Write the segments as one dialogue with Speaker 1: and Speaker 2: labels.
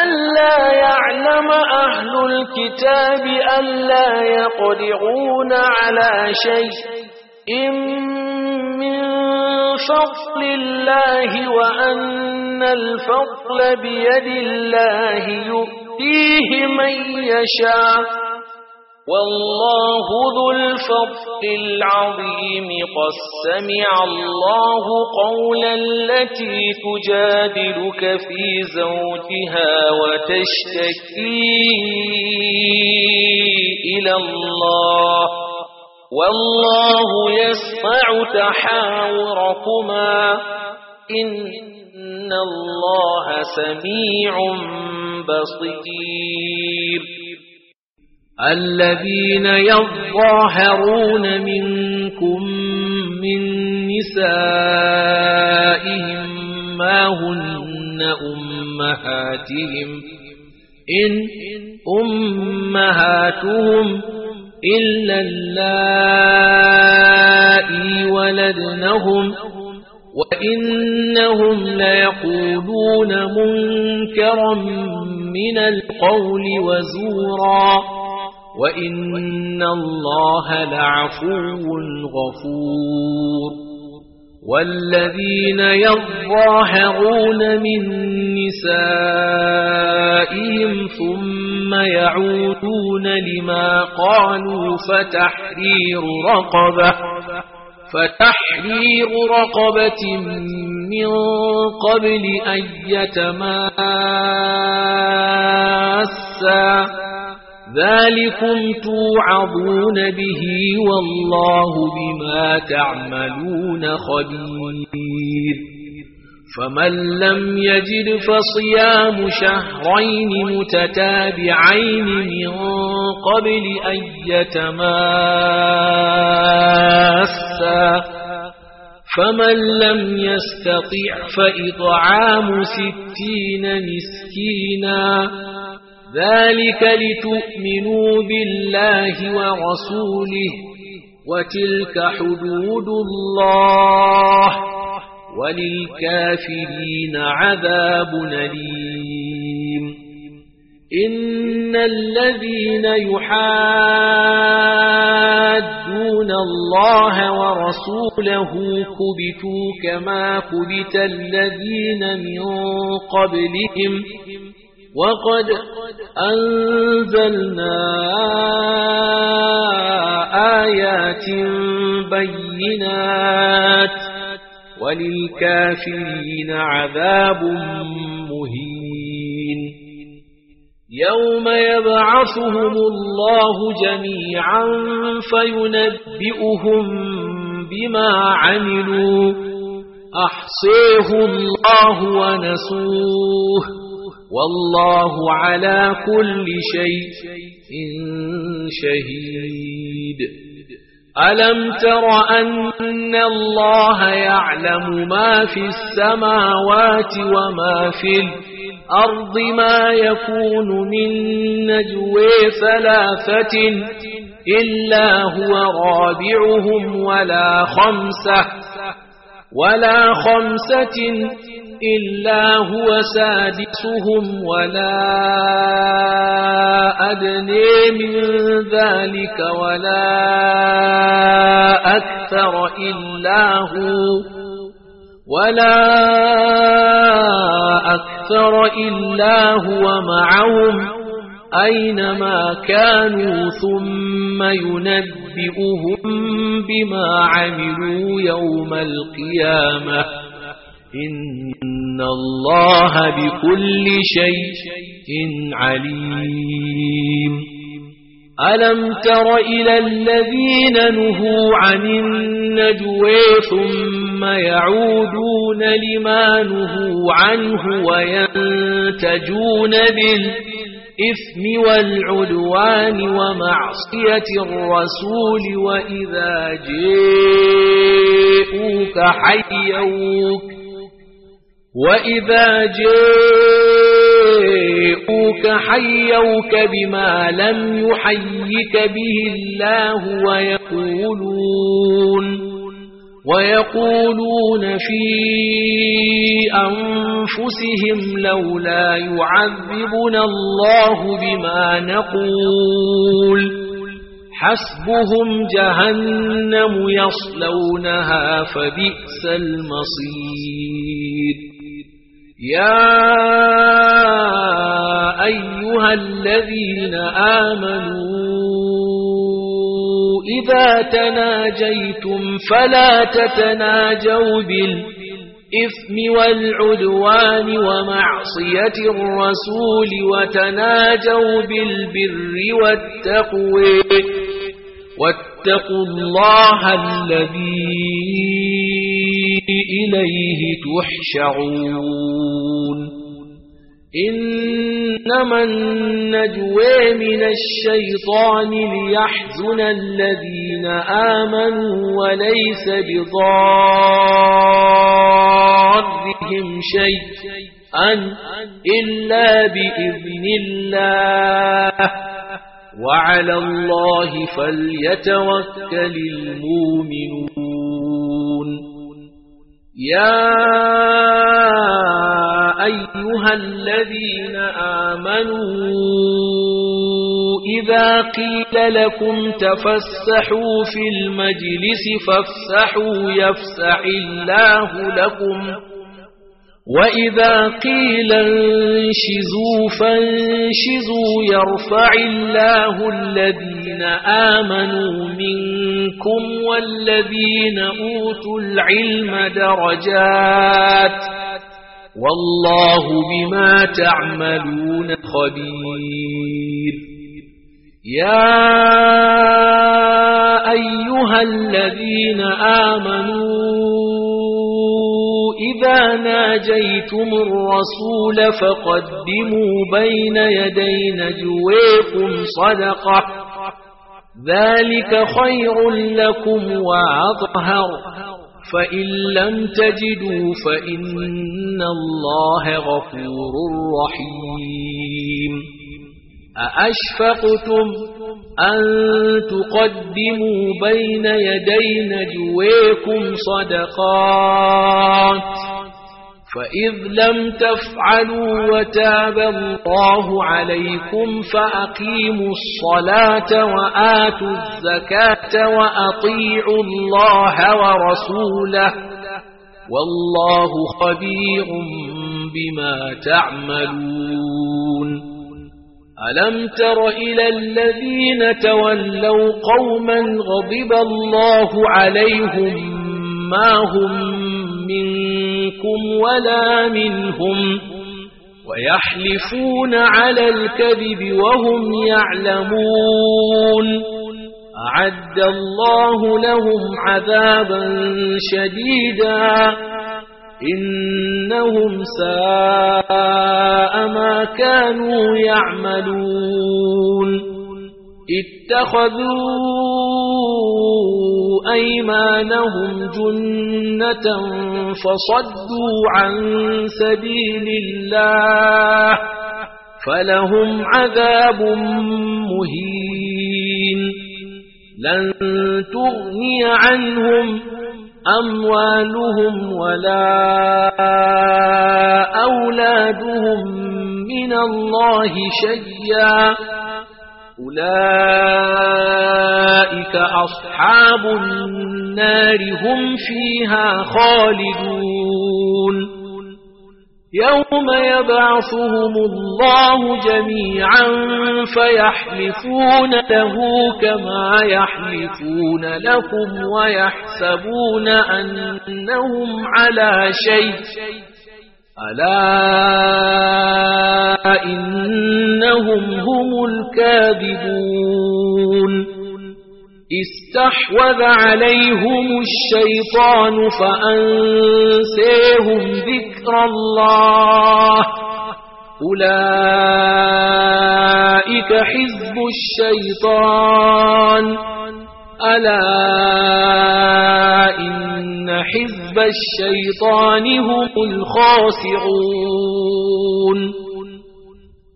Speaker 1: ألا يعلم أهل الكتاب ألا يقدعون على شيء إن من فضل الله وأن الفضل بيد الله يؤتيه من يشاء والله ذو الفضل العظيم قد سمع الله قولا التي تجادلك في زوجها وتشتكي إلى الله والله يسمع تحاوركما إن الله سميع بصير الذين يظاهرون منكم من نسائهم ما هن أمهاتهم إن أمهاتهم إلا اللائي ولدنهم وإنهم ليقولون منكرا من القول وزورا وإن الله لعفو غفور والذين يظاهرون من نسائهم ثم يعودون لما قالوا فتحرير رقبة فتحرير رقبة من قبل أن يتماسا ذلكم توعظون به والله بما تعملون خبير فمن لم يجد فصيام شهرين متتابعين من قبل أن يتماسا فمن لم يستطع فإطعام ستين مسكيناً ذلك لتؤمنوا بالله ورسوله وتلك حدود الله وللكافرين عذاب نليم إن الذين يحادون الله ورسوله كبتوا كما كبت الذين من قبلهم وقد أنزلنا آيات بينات وللكافرين عذاب مهين يوم يبعثهم الله جميعا فينبئهم بما عملوا أحصيه الله ونسوه والله على كل شيء شهيد ألم تر أن الله يعلم ما في السماوات وما في الأرض ما يكون من نجوى ثلاثة إلا هو رابعهم ولا خمسة ولا خمسة إلا هو سادسهم ولا أدني من ذلك ولا أكثر إلا هو ولا أكثر إلا هو معهم أينما كانوا ثم ينبئهم بما عملوا يوم القيامة إن إن الله بكل شيء عليم ألم تر إلى الذين نهوا عن النجوى ثم يعودون لما نهوا عنه وينتجون بالإثم والعدوان ومعصية الرسول وإذا جاءوك حيوك وإذا جاءوك حيوك بما لم يحيك به الله ويقولون ويقولون في أنفسهم لولا يعذبنا الله بما نقول حسبهم جهنم يصلونها فبئس المصير يا أيها الذين آمنوا إذا تناجيتم فلا تتناجوا بالإثم والعدوان ومعصية الرسول وتناجوا بالبر والتقوى واتقوا الله الذي إليه تحشعون إنما النجوى من الشيطان ليحزن الذين آمنوا وليس بضارهم شيء أن إلا بإذن الله وعلى الله فليتوكل المؤمنون يا أيها الذين آمنوا إذا قيل لكم تفسحوا في المجلس فافسحوا يفسح الله لكم وإذا قيل انشزوا فانشزوا يرفع الله الذين آمنوا منكم والذين أوتوا العلم درجات والله بما تعملون خبير يا أيها الذين آمنوا إذا ناجيتم الرسول فقدموا بين يدي نجويكم صدقة ذلك خير لكم وأطهر فإن لم تجدوا فإن الله غفور رحيم أأشفقتم أن تقدموا بين يدي نجويكم صدقات فإذ لم تفعلوا وتاب الله عليكم فأقيموا الصلاة وآتوا الزكاة وأطيعوا الله ورسوله والله خبير بما تعملون ألم تر إلى الذين تولوا قوما غضب الله عليهم ما هم منكم ولا منهم ويحلفون على الكذب وهم يعلمون أعد الله لهم عذابا شديدا إنهم ساء ما كانوا يعملون اتخذوا أيمانهم جنة فصدوا عن سبيل الله فلهم عذاب مهين لن تغني عنهم أموالهم ولا أولادهم من الله شيئا أولئك أصحاب النار هم فيها خالدون يوم يبعثهم الله جميعا فيحلفون له كما يحلفون لكم ويحسبون أنهم على شيء ألا إنهم هم الكاذبون استحوذ عليهم الشيطان فأنسيهم ذكر الله أولئك حزب الشيطان ألا إن حزب الشيطان هم الخاسعون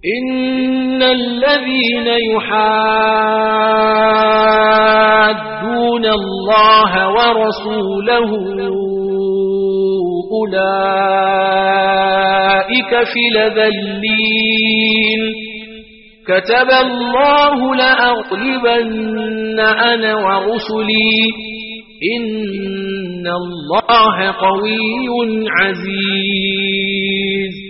Speaker 1: إن الذين يحادون الله ورسوله أولئك في لذلين كتب الله لأغلبن أنا ورسلي إن الله قوي عزيز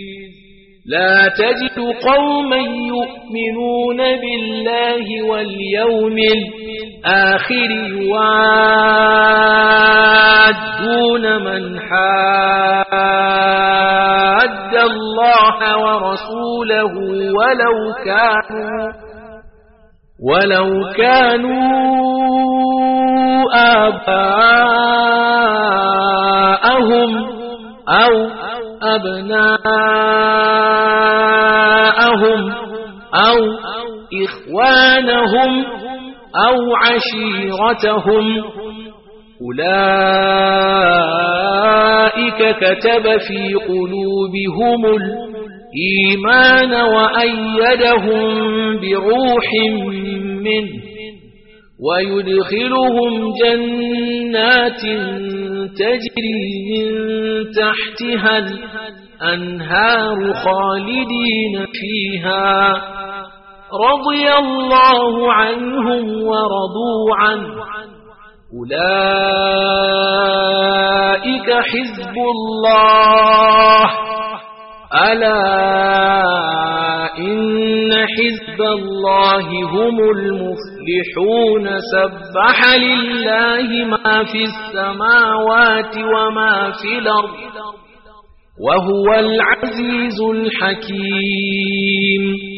Speaker 1: لا تجد قوما يؤمنون بالله واليوم الآخر يوادون من حاد الله ورسوله ولو كانوا ولو كانوا آباءهم أو أبناءهم أو إخوانهم أو عشيرتهم أولئك كتب في قلوبهم الإيمان وأيدهم بروح منه ويدخلهم جنات تجري من تحتها الأنهار خالدين فيها رضي الله عنهم ورضوا عنه أولئك حزب الله ألا إن حزب الله هم المفلحون سبح لله ما في السماوات وما في الأرض وهو العزيز الحكيم